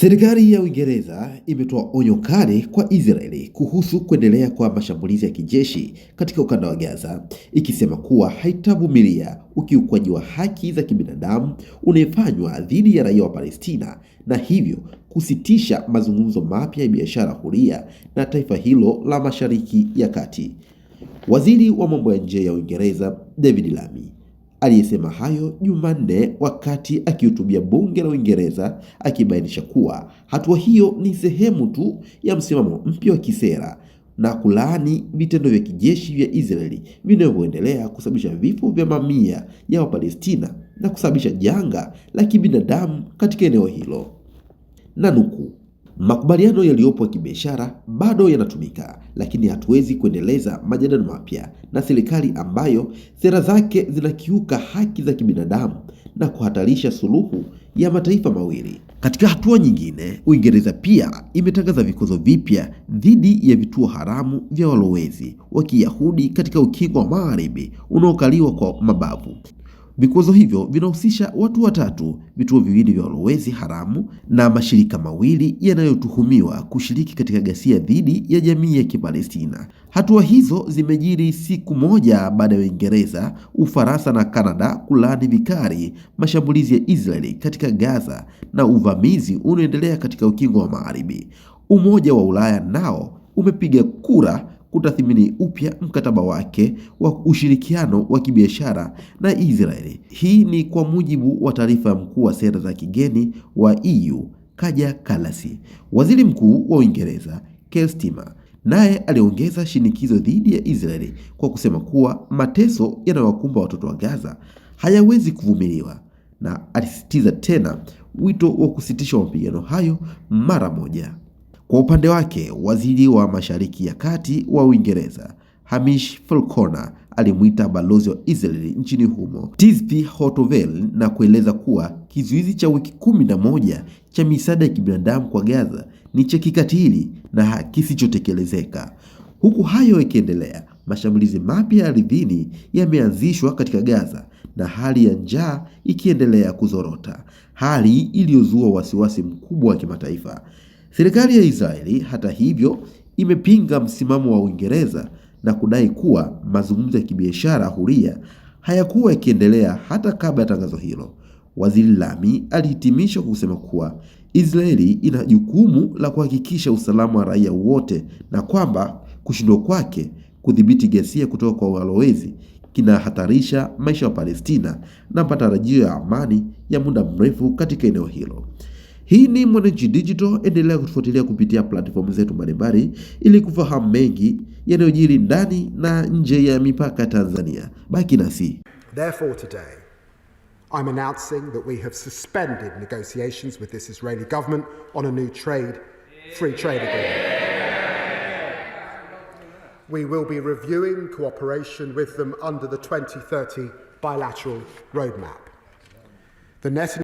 Serikali ya Uingereza imetoa onyo kali kwa Israeli kuhusu kuendelea kwa mashambulizi ya kijeshi katika ukanda wa Gaza, ikisema kuwa haitavumilia ukiukwaji wa haki za kibinadamu unayofanywa dhidi ya raia wa Palestina na hivyo kusitisha mazungumzo mapya ya biashara huria na taifa hilo la Mashariki ya Kati. Waziri wa mambo ya nje ya Uingereza, David Lammy Aliyesema hayo Jumanne wakati akihutubia bunge la Uingereza, akibainisha kuwa hatua hiyo ni sehemu tu ya msimamo mpya wa kisera na kulaani vitendo vya kijeshi vya Israeli vinavyoendelea kusababisha vifo vya mamia ya Wapalestina na kusababisha janga la kibinadamu katika eneo hilo na nukuu Makubaliano yaliyopo ya kibiashara bado yanatumika, lakini hatuwezi kuendeleza majadiliano mapya na serikali ambayo sera zake zinakiuka haki za kibinadamu na kuhatarisha suluhu ya mataifa mawili. Katika hatua nyingine, Uingereza pia imetangaza vikwazo vipya dhidi ya vituo haramu vya walowezi wa Kiyahudi katika ukingo wa Magharibi unaokaliwa kwa mabavu. Vikwazo hivyo vinahusisha watu watatu, vituo viwili vya walowezi haramu na mashirika mawili yanayotuhumiwa kushiriki katika ghasia dhidi ya jamii ya Kipalestina. Hatua hizo zimejiri siku moja baada ya Uingereza, Ufaransa na Kanada kulaani vikali mashambulizi ya Israeli katika Gaza na uvamizi unaoendelea katika ukingo wa Magharibi. Umoja wa Ulaya nao umepiga kura kutathimini upya mkataba wake wa ushirikiano wa kibiashara na Israeli. Hii ni kwa mujibu wa taarifa ya mkuu wa sera za kigeni wa EU Kaja Kalasi. Waziri Mkuu wa Uingereza Keir Starmer naye aliongeza shinikizo dhidi ya Israeli kwa kusema kuwa mateso yanayowakumba watoto wa Gaza hayawezi kuvumiliwa na alisisitiza tena wito wa kusitisha mapigano hayo mara moja. Kwa upande wake, waziri wa Mashariki ya Kati wa Uingereza Hamish Falconer alimwita balozi wa Israeli nchini humo Tzipi Hotovel na kueleza kuwa kizuizi cha wiki kumi na moja cha misaada ya kibinadamu kwa Gaza ni cha kikatili na kisichotekelezeka. Huku hayo yakiendelea, mashambulizi mapya ardhini yameanzishwa katika Gaza na hali ya njaa ikiendelea kuzorota, hali iliyozua wasiwasi mkubwa wa kimataifa. Serikali ya Israeli hata hivyo imepinga msimamo wa Uingereza na kudai kuwa mazungumzo ya kibiashara huria hayakuwa yakiendelea hata kabla ya tangazo hilo. Waziri Lami alihitimisha kusema kuwa Israeli ina jukumu la kuhakikisha usalama wa raia wote na kwamba kushindwa kwake kudhibiti ghasia kutoka kwa walowezi kinahatarisha maisha ya Palestina na matarajio ya amani ya muda mrefu katika eneo hilo. Hii ni Mwananchi Digital, endelea kutufuatilia kupitia platform zetu mbalimbali ili kufahamu mengi yanayojiri ndani na nje ya mipaka Tanzania. Baki nasi. Therefore today I'm announcing that we have suspended negotiations with this Israeli government on a new trade free trade agreement. We will be reviewing cooperation with them under the 2030 bilateral roadmap. The net